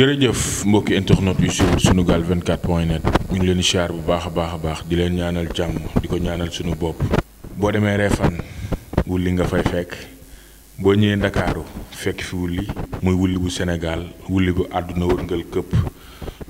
jërëjëf mbokki internet yu suivre Sunugal 24 point net ñu leen di bu baax baax baax di leen ñaanal jàmm di ko ñaanal sunu bopp. boo demee Refane wulli nga fay fekk boo ñëwee ndakaaru fekk fi wulli muy wulli bu Sénégal àdduna wërngal këpp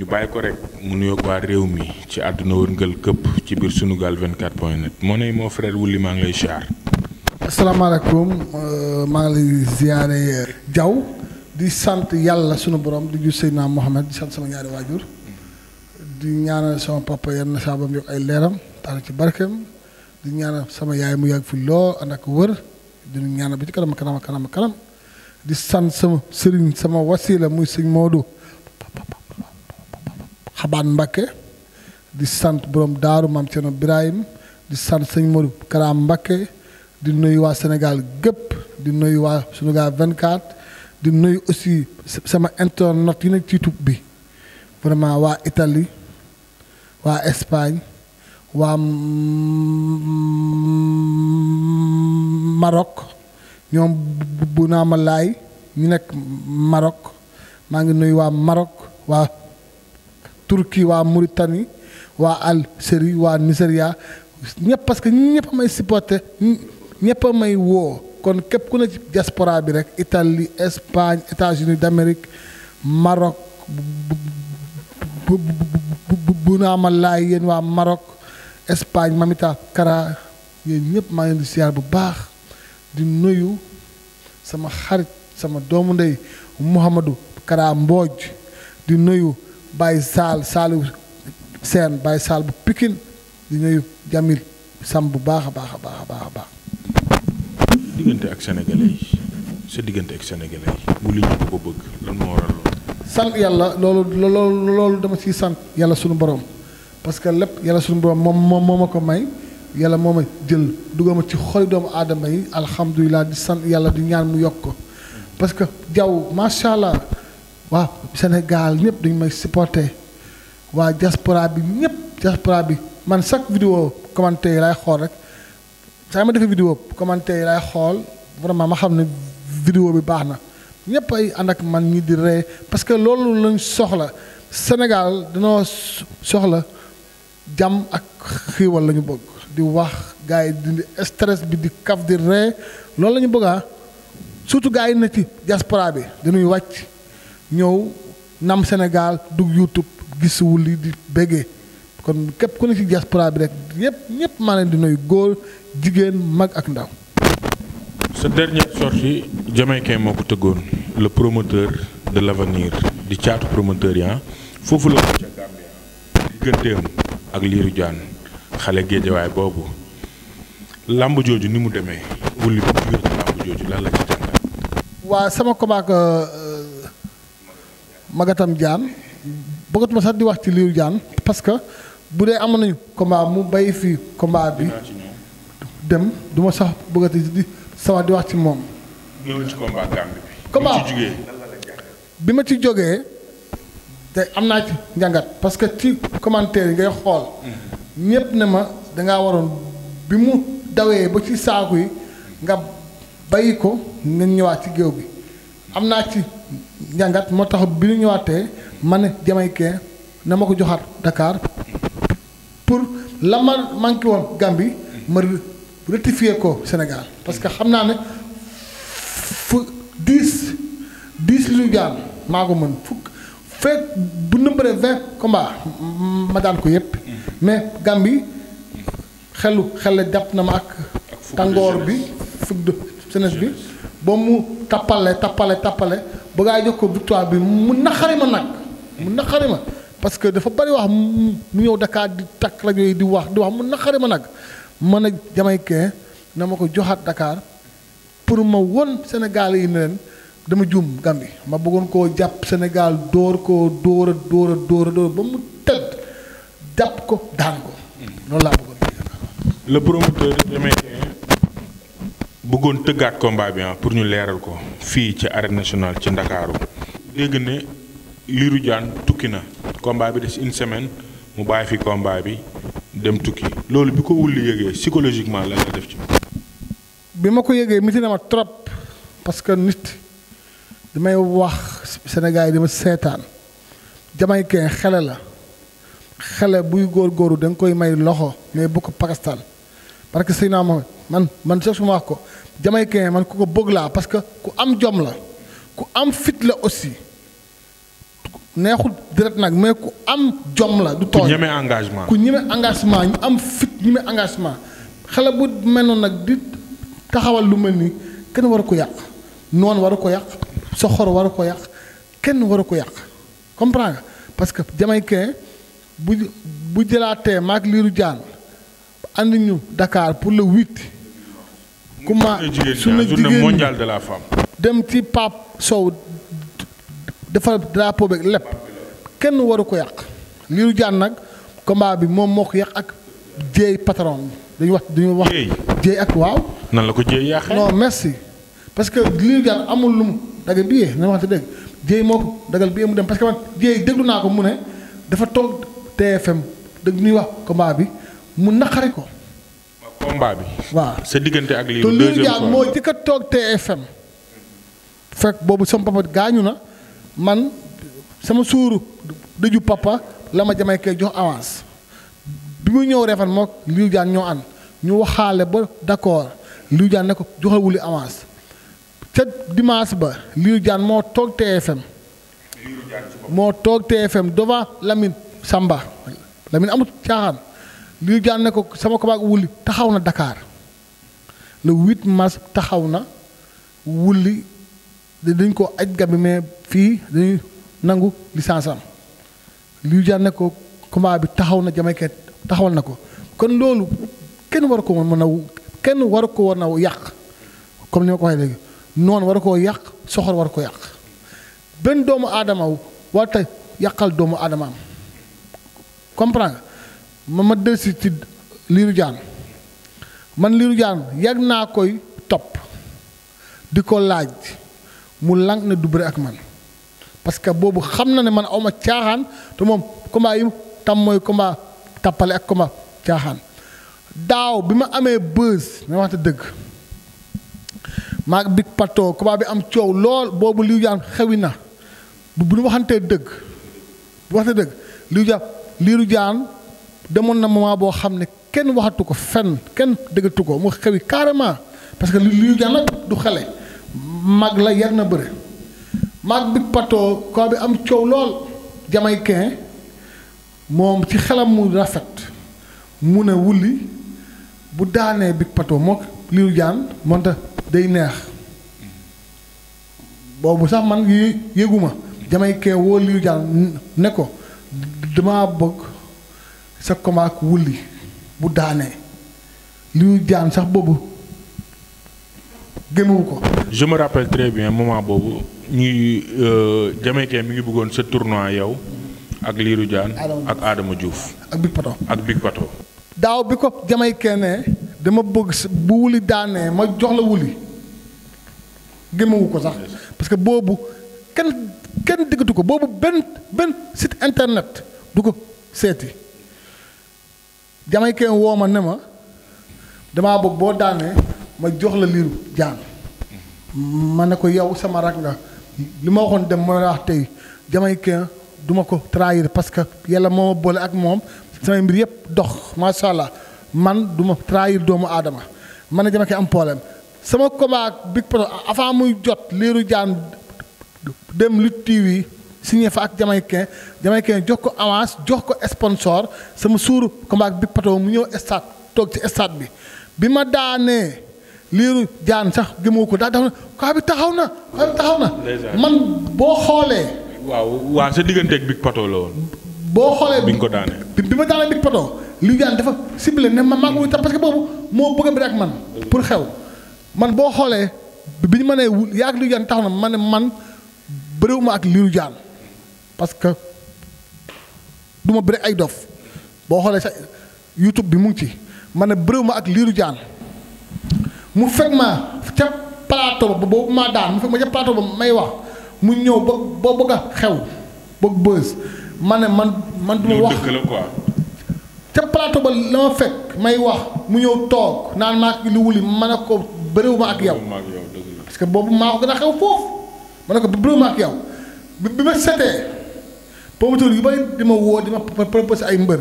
ñu bàyyi ko rek mu nuyoog waa réew mi ci àdduna wërngal këpp ci biir Sunugal 24 point net moo ne moo frère wulli maa ngi lay siyaar. asalaamaaleykum euh, maa ngi lay ziare Diaw. di sant yàlla sunu borom di ju Seydina Mohamed di sant sama ñaari waajur di ñaanal sama papa yenn na saabam yokk ay leeram taal ci barkeem di ñaanal sama yaay mu yàgg fi loo ànd ak wër di ñaanal ba ci kanam kanam kanam kanam di sant sama sëriñ sama wasila muy sëñ Moodu xabaan Mbakke di sant borom daaru maam Cerno Birahim di sant sëñ Moodu Karaam Mbakke di nuyu waa Sénégal gépp di nuyu waa Sunugal 24 di nuyu aussi sama internet yi nekk ci tub bi vraiment waa itali waa Espagne waa marok ñoom bu naa ma laay ñu nekk Maroc maa ngi nuyu waa marok waa Turquie waa Mauritanie waa Algérie waa Nigeria ñëpp parce que ñëpp a a may woo kon képp ku ne ci diaspora bi rek Italie Espagne États-Unis d'Amérique Maroc bu naa ma laay yéen waa Maroc Espagne Mamita Kara yéen ñëpp maa ngi leen di siyaar bu baax di nuyu sama xarit sama doomu ndey Mouhamadou Kara Mbooj di nuyu Baye Saal Saalu Seen Baye Saal bu pikin di nuyu Jamil Sam bu baax a baax a baax a baax a baax diggante ak sénégalais yi sa diggante ak sénégalais yi bu li ñu ko bëgg lan moo waral loolu. sant yàlla loolu loolu loolu dama ciy sant yàlla sunu borom parce que lépp yàlla sunu borom moom moom moo ma ko may yàlla moom a jël duggama ci xoli doomu aadama yi alhamdulilah di sant yàlla di ñaan mu yokk ko parce que jaww macha allah waa Sénégal ñëpp dañu may supporter waa diaspora bi ñëpp diaspora bi man chaque vidéo commentaire yi laay xool rek. saa ma defee vidéo commentaire yi laay xool vraiment ma xam ne vidéo bi baax na ñëpp ay ànd ak man ñi di ree parce que loolu lañ soxla Sénégal dañoo soxla jàmm ak xiiwal la ñu bëgg di wax gars yi dindi stress bi di kaf di ree loolu la ñu bëgg ah surtout gars yi na ci diaspora bi dañuy wàcc ñëw nam Sénégal dugg YouTube gis wulli di béggee kon képp ku ne ci diaspora bi rek ñëpp ñëpp maa leen di nuyu góor jigéen mag ak ndaw. sa dernière sortie jamaïcain moo ko tëggoon le promoteur de l'avenir di caatu promoteur ya ah. foofu la ca Gambia digganteem ak Lirou Diane xale géejawaay boobu làmb jooju ni mu demee wulli bi biir làmb jooju lan la ci jàngal waa sama komaak euh, magatam Diane bëggatuma sax di wax ci Lirou Diane parce que bu dee amoon nañu combat mu bay fii combat bi dem du ma sax bëgg a di sawar di wax ci moom. ñëwal ci combat bi. ma ci jógee te am naa ci njàngat parce que ci commentaire yi ngay xool. Mhm. ñëpp ne ma dangaa waroon bi mu dawee ba ci saaku yi nga bàyyi ko nga ñëwaat ci géew bi am naa ci njàngat moo tax bi ñu ñëwaatee ma ne jamaïcain na ma ko joxaat Dakar pour la ma manqué woon Gambie ma. Mhm. rectifier ko Sénégal parce que xam naa ne fu dix dix lu jaan maa ko mën fukk fekk bu nëmbaree vingt combat ma daan ko yëpp mais Gambie xelu xel jàpp na ma ak tàngoor bi fukk de jeunesse bi ba mu tappale tappale tappale ba ngaa jox ko victoire bi mu naqari ma nag mu naqari ma parce que dafa bari wax mu ñëw Dakar di takk rajo yi di wax di wax mu naqari ma nag mën a jamaïcain na ma ko joxaat Dakar pour ma won Sénégal yi ne leen dama juum Gambie ma bëggoon koo jàpp Sénégal dóor koo dóor a dóor a ba mu tëdd jàpp ko daan ko loolu laa bëggoon tëggaat combat bi ah, pour ñu leeral ko fii ci arène nationale ci Ndakaaru dégg ne Lirou Diane tukki na combat bi des une semaine mu bàyyi fi combat bi dem tukki loolu bi ko wulli yëgee psychologiquement lan la def ci bi ma ko yëgee miti na ma trop parce que nit damay wax Sénégal yi dama seetaan jamaïcain xele la xele buy góor da nga koy may loxo mais bu ko pakastaan parce que si naa ma man man sax su ma wax ko jamaïcain man ku ko bëgg laa parce que ku am jom la ku am fit la aussi neexul direct nag mais ku am jom la du tooñ ku ñeme engagement ku ñeme engagement ñu am fit ñeme engagement xale bu mel nag di taxawal lu mel ni kenn waru ko yàq noonu waru ko yàq soxor waru ko yàq kenn waru ko yàq comprendre nga parce que jamaïcain bu bu jëlaatee maag liiru jaan andi ñu Dakar pour le huit. kuma su ma jigéen journée mondiale de la femme. dem ci Pape Sow. defal drapeau beeg lépp kenn waru ko yàq Lirou Diane nag combat bi moom moo ko yàq ak jéey patron dañu wax dañu wax. jéey ak waaw. na la ko jéey yàqee. non merci parce que Lirou Diane amul lu mu dagal biyee na wax dëgg jéey moo ko dagal biyee mu dem parce que man jéey naa ko mu ne dafa toog TFM dëgg ñuy wax combat bi mu naqari ko. combat bi. waaw sa diggante ak Lirou deuxième fois moo jëkk toog TFM. fekk boobu sama papa gaañu na. man sama suuru dëju papa la ma jamay kay jox avance bi muy ñëw Refane mook Liou Diane ñoo ànd ñu waxaale ba d'accord Liou Diane ne ko joxal wuli avance ca dimanche ba Liou Diane moo toog TFM moo toog TFM devant Lamine Samba Lamine amut caaxaan Liou Diane ne ko sama ko baag wuli taxaw na dakaar le 8 mars taxaw na wuli dañ ko aj gambi mais fii dañuy nangu licence am liu jaan ne ko combat bi taxaw na jamaykat taxawal na ko kon loolu kenn waru ko mën a kenn waru ko war yàq comme ni ma ko waxee léegi noonu war koo yàq soxor war ko yàq benn doomu aadama warta yàqal doomu aadama am comprendre ma ma delsi ci liiru jaan man liiru jaan yàgg naa koy topp di ko laaj mu lànk ne du bëre ak man parce que boobu xam na ne man awma caaxaan te moom combat yi tam mooy combat tappale ak combat caaxaan daaw bi ma amee bës na waxte dëgg maag big pato combat bi am coow lool boobu liw jaan xewi na bu ñu waxantee dëgg bu waxte dëgg liw jaan liiru jaan demoon na moment boo xam ne kenn waxatu ko fenn kenn dëggatu ko mu xewi carrément parce que liiru jaan nag du xale mag la yar na bëre mag big pato ko bi am coow lool jamaïcain moom ci xelam mu rafet mu ne wulli bu daanee big pato mook liiru jaan monta day neex boobu sax man yi yëguma jamaïcain woo liiru jaan ne ko dama bëgg sa combat wulli bu daanee liiru jaan sax boobu gëmewu ko. je très bien moment boobu ñuy euh, Jamaïcain mi ngi bëggoon sa tournoi yow ak Lirou Diane ak Adama Diouf ak Big Pato ak Big Pato. daaw bi ko Jamaïcain ne dama bëgg bu wuli daanee ma jox la wuli gëmewu ko sax parce que boobu kenn kenn diggatu ko boobu benn benn site internet du ko seeti Jamaïcain woo ma ne ma damaa bëgg boo daanee. ma jox la liiru jaan ma ne ko yow sama rak nga li ma waxoon dem mooy wax tey jamaïcain du ma ko trahir parce que yàlla moo ma boole ak moom samay mbir yëpp dox macha allah man du ma trahir doomu aadama ma ne jamaïcain am problème sama combat ak Big Pato avant muy jot liiru jaan dem lu TV signé fa ak jamaïcain jamaïcain jox ko avance jox ko sponsor sama suuru combat ak Big Pato mu ñëw stade toog ci stade bi bi ma daanee liiru jaan sax gëmoo ko daa dafa kaa bi taxaw na kaa bi taxaw na. man boo xoolee. waaw waaw sa digganteeg Big Pato la woon. boo xoolee bi nga ko daanee. bi ma daanee Big Pato liiru dafa ciblé ne ma maa ngi tax parce que boobu moo bëgg bi rek man. pour xew man boo xoolee bi ñu ma nee yaa ak liiru jaan taxaw na ma ne man bëriwuma ak liiru jaan parce que du ma ay dof boo xoolee sax YouTube bi mu ngi ci ma ne ma ak liiru jaan. mu fekk ma ca palaato ba boobu maa daan mu fekk ma ca plateau ba may wax mu ñëw ba ba bëgg xew bëgg bës ma ne man man du ma wax ca plateau ba la ma fekk may wax mu ñëw toog naan maa lu wuli ma ne ko bëriwuma ak yow parce que boobu maa ko gën a xew foofu ma ne ko bëriwuma ak yow bi bi ma setee promoteur yu bari di ma woo di ma proposé ay mbër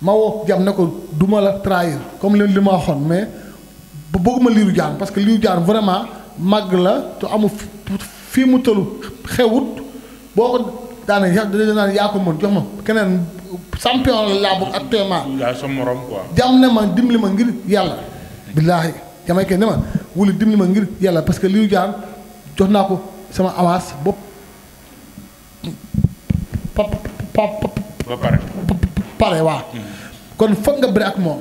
ma woo jam ne ko duma la trahir comme li li ma waxoon mais bu bëgguma liiru jaan parce que liiru jaan vraiment màgg la te amul fii mu tëlu xewut boo ko daanee yàq dina naan yaa ko mën jox ma keneen champion la laa bëgg actuellement. ne ma dimbali ma ngir yàlla. billaahi jamay ne ma wuli dimbali ma ngir yàlla parce que liiru jaan jox naa ko sama avance bopp pa pa pare waaw hmm. kon foog nga bëri ak moom.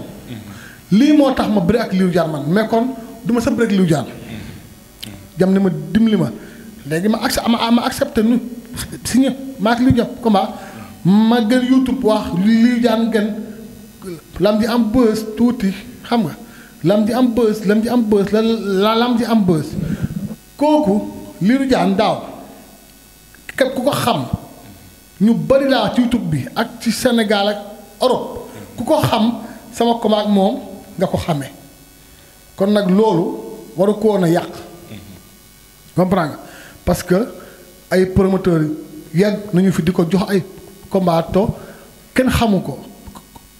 lii moo tax ma bëri ak Liiru Jaan man mais kon sa bëri ak Liiru Jaan jam ne ma dimbali ma léegi ma accep ma ma ma ak Liiru Jaan combat ma gën youtube wax Liiru am bës tuuti xam nga lam di am bës lam di am bës la la am bës kooku Liiru Jaan daaw képp ku ko xam ñu bëri laa ci youtube bi ak ci Sénégal ak ku ko xam sama combat ak moom nga ko xamee kon nag loolu waru a yàq comprends nga parce que ay promoteurs yàgg nañu fi di ko jox ay combatto kenn xamu ko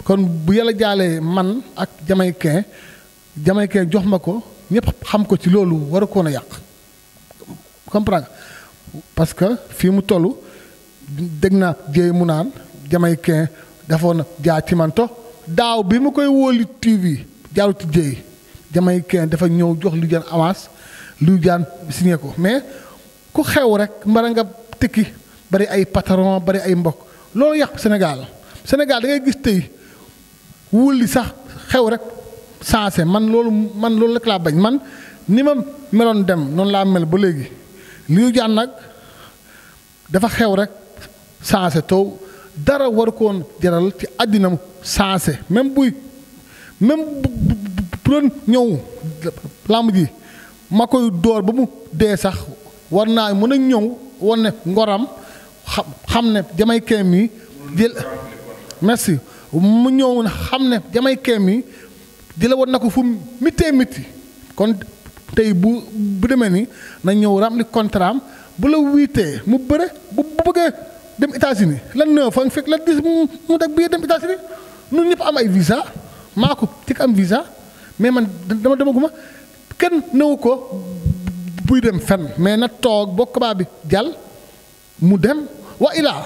kon bu yàlla jaalee man ak jamaïcain jamaïcain jox ma ko ñëpp xam ko ci loolu waru ko woon yàq comprends nga parce que fii mu tollu dégg naa jéey mu naan jamaïcain dafoon na jaa ci manto daaw bi mu koy wóoli TV jaarut ci jéey jamay kenn dafa ñëw jox lu jaan avance lu jaan signé ko mais ku xew rek mbara nga tëkki bari ay pataron bari ay mbokk loolu yàq Sénégal Sénégal da ngay gis tey wulli sax xew rek sensé man loolu man loolu rek laa bañ man ni ma meloon dem noonu laa mel ba léegi lu jaan nag dafa xew rek sensé taw dara war koon jaral ci àddina sancé même buy même bu bu ñëw làmb ji ma door ba mu dee sax war naa mën a ñëw wan ne ngoram xam ne jamay keem yi jël merci mu ñëw xam ne jamay keem yi jëla war na ko fu mitee miti kon tey bu bu demee ni na ñëw rempli contrat am bu la wiitee mu bëre bu bëggee dem États-Unis lan neuf fa fekk la dix mu teg bii dem États-Unis ñun ñëpp am ay visa maa ko tik am visa mais man dama demaguma kenn newu ko buy dem fenn mais na toog boo kabaa bi jàll mu dem wa ilaa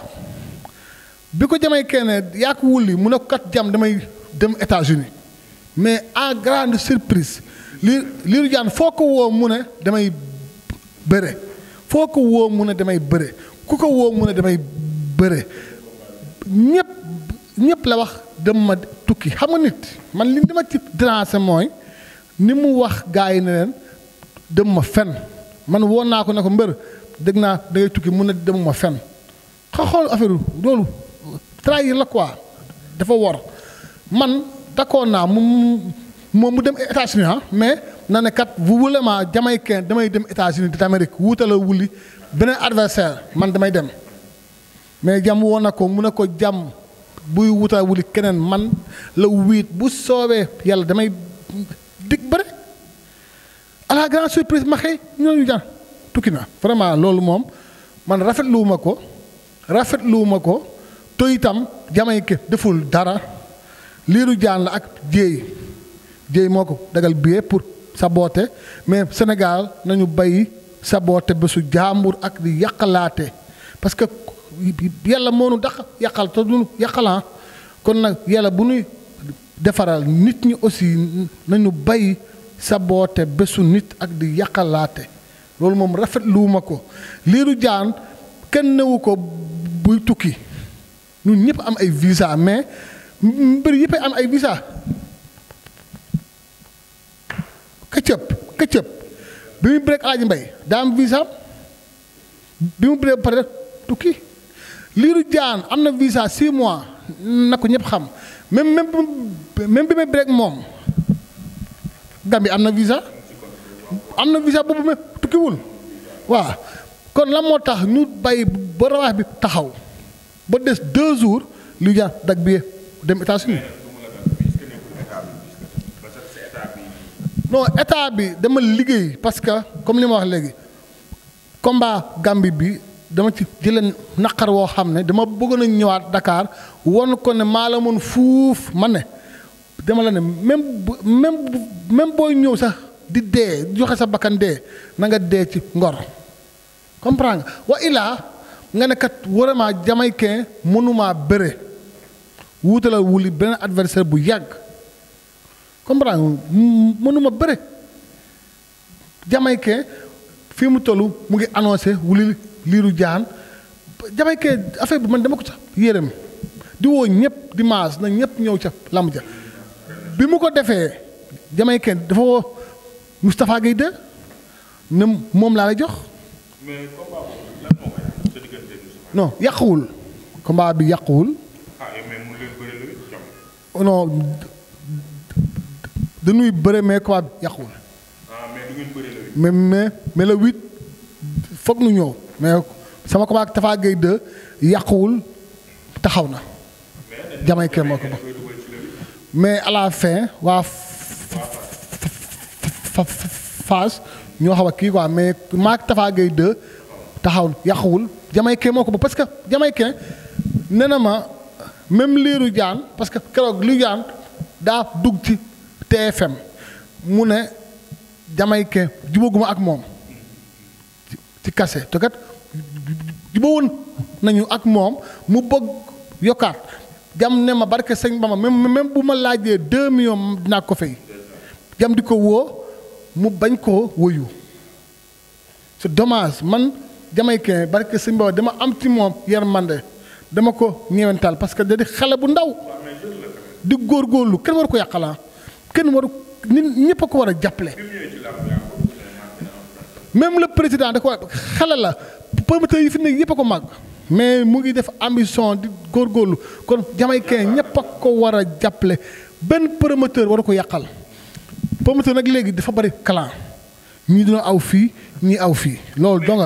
bi ko jamay kenn yaa ko wulli mu ne ko kat jam damay dem États-Unis mais en grande surprise li liiru jaan foo ko woo mu ne damay bëre foo ko woo mu ne damay bëre ku ko woo mu ne damay bëre ñëpp ñëpp la wax dem ma tukki xam nga nit man li dama ci déranger mooy ni mu wax gars yi ne leen dem ma fen man woon naa ko ne ko mbër dégg naa da tukki mun na dem fen xa xool affaire loolu trahir la quoi dafa wor man d'accord naa mu moom mu dem États-Unis ah mais na ne kat bu wule ma damay dem États-Unis d'Amérique wuutala wuli beneen adversaire man damay dem mais jàmm woon na ko mun ne ko jàmm buy wutaa wuli keneen man la wiit bu soobee yàlla damay dig bëre à la surprise ma xëy ñooñu jaan tukki na vraiment loolu moom man rafetluwuma ko rafetluwuma ko to itam Jamaïque deful dara liiru jaan la ak jéey jéey moo ko dagal billet pour saboter mais senegal nañu bay saboter bésu jaambur ak di yàqalaate parce que yàlla moo nu daq yàqal te du yàqalan ah. kon nag yàlla bu nuy defaral nit ñi aussi nañu bay saboote bésu nit ak di yàqalaate loolu moom rafetluwuma ko liiru jaan kenn newu ko buy tukki ñun ñëpp am ay visa mais mbir yëpp am ay visa këccëb këccëb bi mu bëreeg Alaaji Mbay daa am visa bi mu bëree pare tukki Lirou Diane am na visa 6 mois na ko ñëpp xam même même bi may break moom Gambie am na visa am na visa boobu même tukkiwul waaw kon la moo tax ñu bàyyi ba rawax bi taxaw ba des deux jours Lirou Diane dag bi dem États-Unis non état bi dama liggéey parce que comme li ma wax léegi combat Gambie bi. dama ci jëlee naqar woo xam ne dama bëggoon a ñëwaat dakaar won ko ne maa la mën fuuf ma ne dama la ne même même même booy ñëw sax di dee joxe sa bakkan dee na nga dee ci ngor comprend nga wa ilaa nga ne kat vraiment mënuma mënumaa bëre wuutala wuli beneen adversaire bu yàgg comprend nga mënuma bëre jamaïcain fii mu toll mu ngi annoncé wuli liiru jaan jabaykee affaire bi man dama ko ca yéeram di woo ñëpp di na ñëpp ñëw ca lamb ja bi mu ko defee jamaykee dafa woo Moustapha Guèye de ne moom laa lay jox. mais combat boobu lan moo koy sa diggante Moustapha. non yàquwul. combat bi yàquwul. Ah, mu non dañuy bëre mais combat yàquwul. ah mais foog nu ñëw. mais sama combat ak Tafa Gueye 2 yàquwul taxaw na. jamay kër moo ko ba mais à waa Fass ñoo xaw a kii quoi mais maa ak Tafa Gueye 2 taxaw yàquwul jamay kër ko ba parce que jamay kër nee na ma même liiru jaan parce que keroog liiru jaan daa dugg ci TFM mu ne jamay kër jubaguma ak moom ci kase te jubóowoon nañu ak moom mu bëgg yokkaat jam ne ma barke sëñ Bamba même même bu ma laajee deux millions dinaa ko fey jam di ko woo mu bañ koo woyu c'est dommage man jamaïcain barke sëñ Bamba dama am ci moom yar mande dama ko ñewental parce que da di xale bu ndaw di góorgóorlu kenn waru ko yàqalaa ah. kenn waru nit ñëpp a ko war a jàppale même le président da ko xale la promoteur yi fi nekk yëpp a ko màgg mais mu ngi def ambition di góorgóorlu kon jamaïcain ñëpp a ko war a jàppale benn promoteur war a ko yàqal promoteur nag léegi dafa bari clan ñi dina aw fii ñi aw fii loolu dong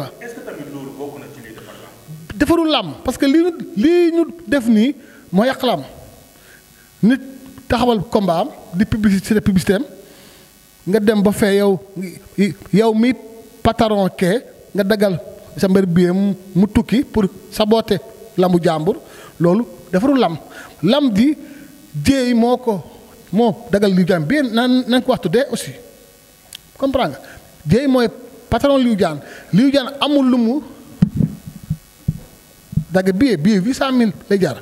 defarul làmb parce que lii lii ñu def nii moo yàq làmb nit taxawal combat di publicité publicité am nga dem ba fee yow yow mi patron kee nga daggal. sa mbër biyam mu tukki pour saboter lamu jàmbur loolu defaru lam lam di jéey moo ko moo dagal liw jaan bi nan nañ ko waxtu tuddee aussi comprends nga jéey mooy patron liw jaan liw amul lu mu dagg billet billet huit cent mille lay jar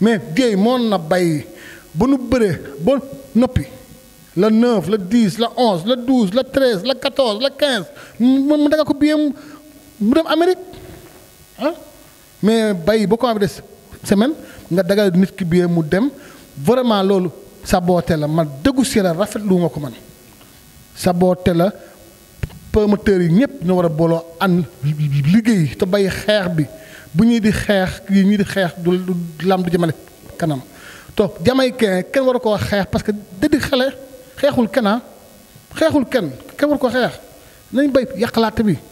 mais jéey moo na bay ba nu bëree ba noppi la 9 la 10 la 11 la 12 la 13 la 14 la 15 mu mu daga ko billet mu dem Amérique ah mais bay boo ko am des semaine nga dagal nit ki bi mu dem vraiment loolu saboote la man déggu si la rafetlu nga ko man saboote la promoteurs yi ñëpp ñu war a booloo ànd liggéey te bay xeex bi bu ñuy di xeex yi ñuy di xeex du lam du jëmale kanam to jamaïcain kenn war a koo xeex parce que da di xale xeexul kenn ah? xeexul kenn kenn war ko xeex nañ bay yàqalaate bi